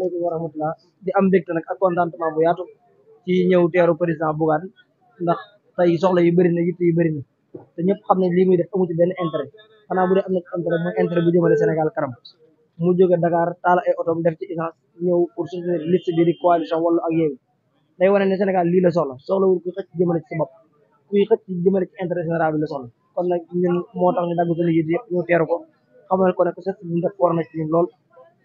asalaamaaleykum wa rahmatulah di am mbégte nag a ak contentement bu yaatu ci ñëw teeru président Bougane ndax tey soxla yu bëri na yitte yu bëri na te ñëpp xam ne lii muy def amu ci benn intérêt xanaa bu dee am na ci intérêt mooy intérêt bu jëmale Sénégal kanam mu jóge Dakar taal ay otom def ci essence ñëw pour soutenir liste bi di coalition Wallu ak Yewwi day wane ne Sénégal lii la soxla soxlawul kuy xëcc jëmale ci sa bopp kuy xëcc jëmale ci intérêt général la soxla kon nag ñun moo tax ñu dagg suñu yit yëpp teeru ko xamal ko ne ko set bi ñu def na ci lool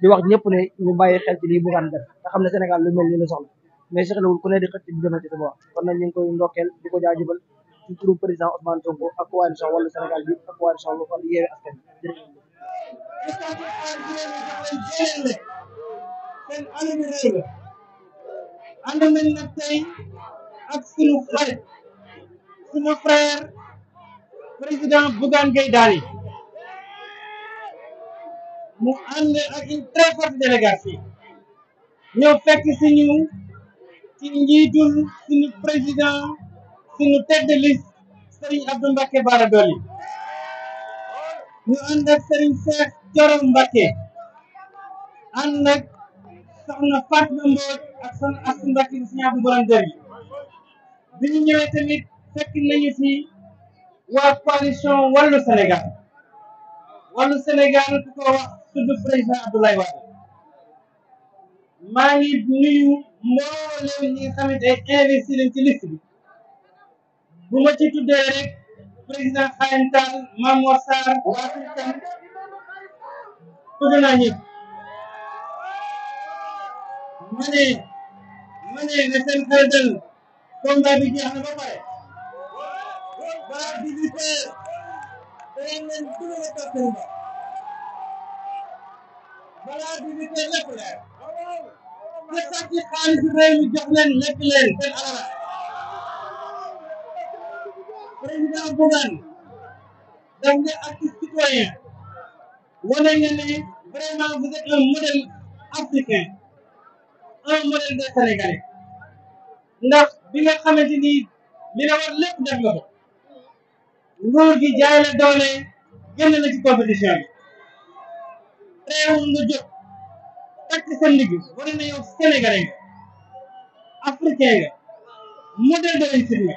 di wax ñëpp ne ñu bàyyi xel ci lii bugaan def nga xam ne Sénégal lu mel ni soxla mais soxlawul ku ne di xëcc di demee ci sama koy ndokkeel di ko jaajëfal ci turu président Ousmane Sonko ak coalition Wallu Sénégal bi ak sunu frère président Bougane Gueye Dany mu ànd ak une très forte délégation ñoo fekk si ñu ci njiitul suñu président suñu tête de liste Serigne Abdou Mbacké Bara Dolly ñu ànd ak Serigne Cheikh Thioro Mbacké ànd ak soxna Fatma Mbodj ak soxna Astou Mbacké di Serigne Abdou Borom Dër yi bi ñu ñëwee tamit fekk nañu fi waa coalition Wallu Sénégal Wallu Sénégal ku ko wax tudd président Abdoulaye Wade maa ngi nuyu mboolem ñi nga xamante investi nañ ci liste bi bu ma ci tuddee rek président Khayem Tall Mamour Sarr Wassoul Kane tudd naa ñëpp ma ne ma ne na seen ba pare ba 18 heures danañ leen tudd balaa bi ñu tee lépp leer te sax jox leen lekk leen seen alal président Bougane daf ne artiste citoyen wane nga ne vraiment vous êtes un modèle africain un modèle des Sénégalais ndax bi nga xamante ni li la war lépp def nga ko gi jaay la doole génn na ci compétition bi réewam nga jot takk sa ndigg war na yow sénégalais nga africain nga modèle de réussite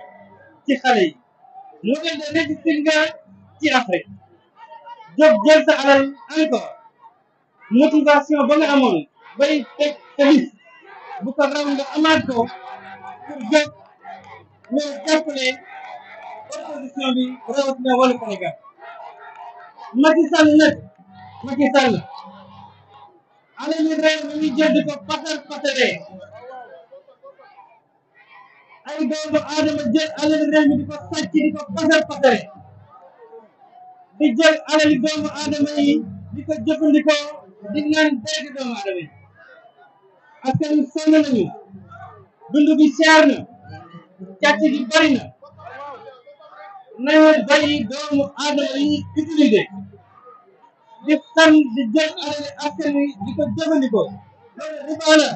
ci xale yi de réussite nga ci Afrique jóg jël sa alal encore motivation ba nga teg sa bu ko raw nga amaat ko pour jóg ñëw bi rawatina wàllu Sénégal Macky Sall nag Macky alalu réew mi ñu jënd ko patar pataree ay doomu aadama jël alalu mi di ko sàcc di ko patar pataree di jël alalu doomu aadama yi di ko jëfandikoo di naan dégg doomu aadama yi askan wi sonn nañu bi seer na càcc gi bari na nañu bàyyi doomu aadama yi utiliser di kan di jël alali askan wi di ko jëfandikoo loolu ribaa la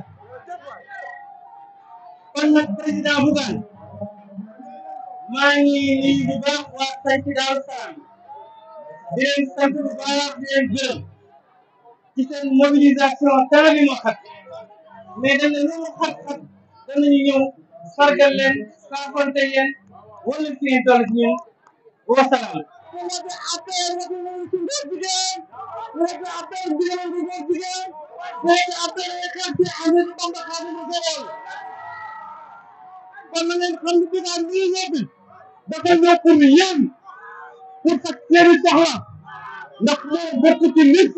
kon nag président Bougane maa ngi nuyu bu baax waa sant Daaru Salaam di leen sant bu baax di leen gërëm ci seen mobilisation bi ma xat mais dañ ne lu mu xat xat danañu ñëw sargal leen saafonte leen wala fi ngeen toll ci nekk appel jigéen bi góor jigéen nekk appel xeet ci Ahmadou Bamba Xaadimu Rasuul ngeen xam ne bid'a bii ñëw bi dafa ñëw pour yéen pour faj seeni soxla ndax moo bokk ci nit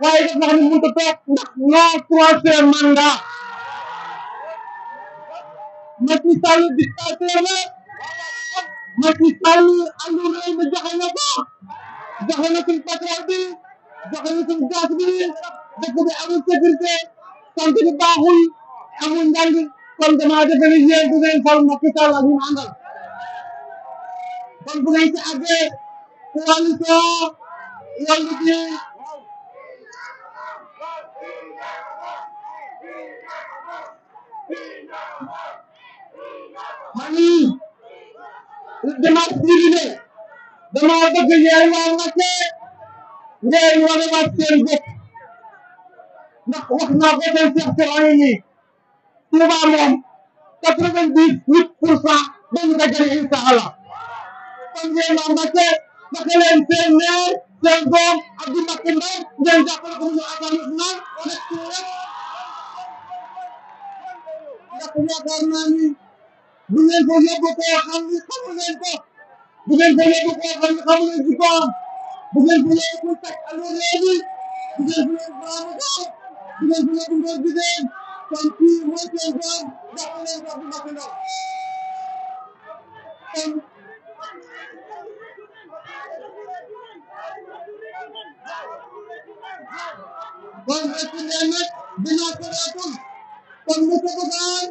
waaye dafa xam ne mënut a toog ndax non troisième mandat Macky Sall dictateur la Macky Sall àllu réew mi joxe na ko joxe na joxe ñu suñu gaas bi dëkk bi amul sécurité sant bi baaxul amul njàng kon damaa defe ni yéen du ngeen fal Macky Sall ak ñu àndal kon bu ngeen ci àggee coalition yomb bi mani dama civilisé dama bëgg yéen waa Mbacké ngeen wanewaat seen bopp ndax wax naa ko tey Cheikh Seraye nii Touba moom quatre-vingt-dix-huit pour cent dañu ko gagné incha allah kon ngeen waa Mbacké Mbacké leen seen maire seen doom Abdou Mbacké Ndao ngeen jàppale ko mu ñëw assemblée nationale on est sur rek ndax yaakaar naa ni bu ngeen ko yóbbu koo xam ni xamu leen ko bu ngeen ko yóbbu koo xam ni xamu leen ci ko bugel bule kul tak alur lagi bugel bule bahamu kau bugel bule bungkul bidang tanki wajah kau dah oleh kau makan kau Bangun anak bina peratus pembukaan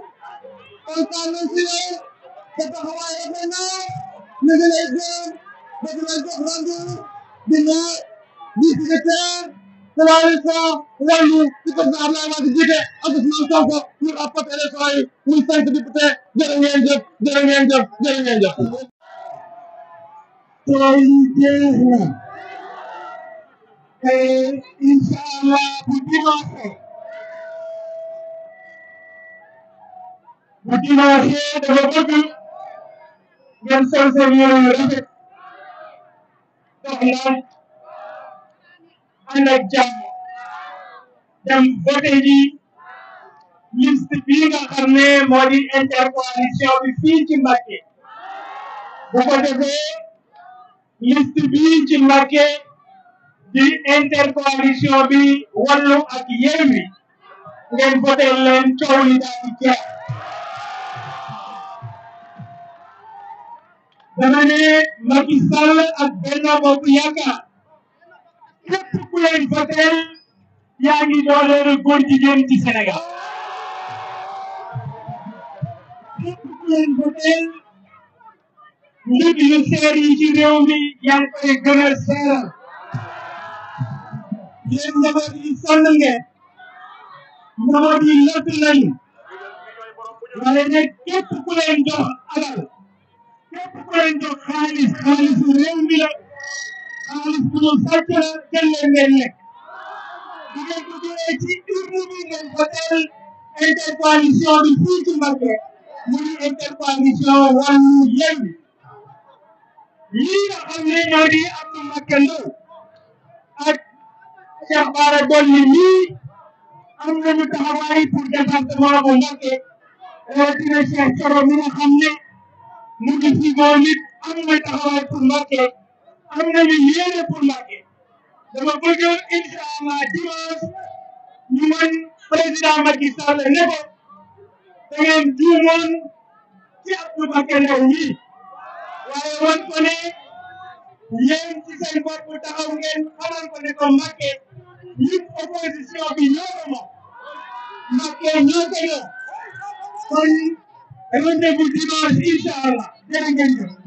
pengkalan sila kata hawa yang benar negara Islam bagaimana orang dulu bindee vice-secrétaire coalition wàllu ci président Abdoulaye Wade jiite ak Ousmane Sonko pour apport élection yi muy cinq député jërë ngeen jëf jërë ngeen jëf jërë ngeen jëf coow yi jeex na te incha allah bu dimanche bu dimanche dafa bëgg ngeen sol seen yére yu rafet soxla ànd ak jàmm dem voté ji liste nga xam ne moo di intercoalition bi fii ci Mbacké bu ko defee liste ci Mbacké di intercoalition bi Wallu ak Yewwi ngeen voté leen coow li daal di jeex dama ne Macky Sall ak Benno Bokk Yaakaar képp ku leen yaa ngi dooleel góor jigéen ci Sénégal képp ku leen voteel njëg yu yi ci réew yaa ngi koy gën a seeral yéen njaboot yi sonn ngeen njaboot yi lott ne képp ku jox alal képp ku leen jox xaalis xaalisu réew mi la xaalis bu ñu sàcc la jël leen ngeen lekk bu ngeen ko jëlee ci urne bi ngeen votel intercoalition bi fii ci Mbacké muy intercoalition wàllu Yewwi lii nga xam ne ñoo di Abdou Mbacké ak Cheikh Bara Dolly lii am nañu taxawaay pour département bu Mbacké rawatina Cheikh Thioro mi nga xam mu gis ni moom am na taxawaay pour Mbacké am nañu yéene pour Mbacké dama bëgg incha allah dimanche ñu mën président Macky Sall ne ko da ngeen juumoon ci Abdou Mbacké Ndao ñii waaye wan ko ne yéen ci seen bopp taxaw ngeen xamal ko ne ko Mbacké ñun opposition bi ñoo ko moom Mbacké ñoo ko rendez-vous dimanche incha allah jërë ngeen jëf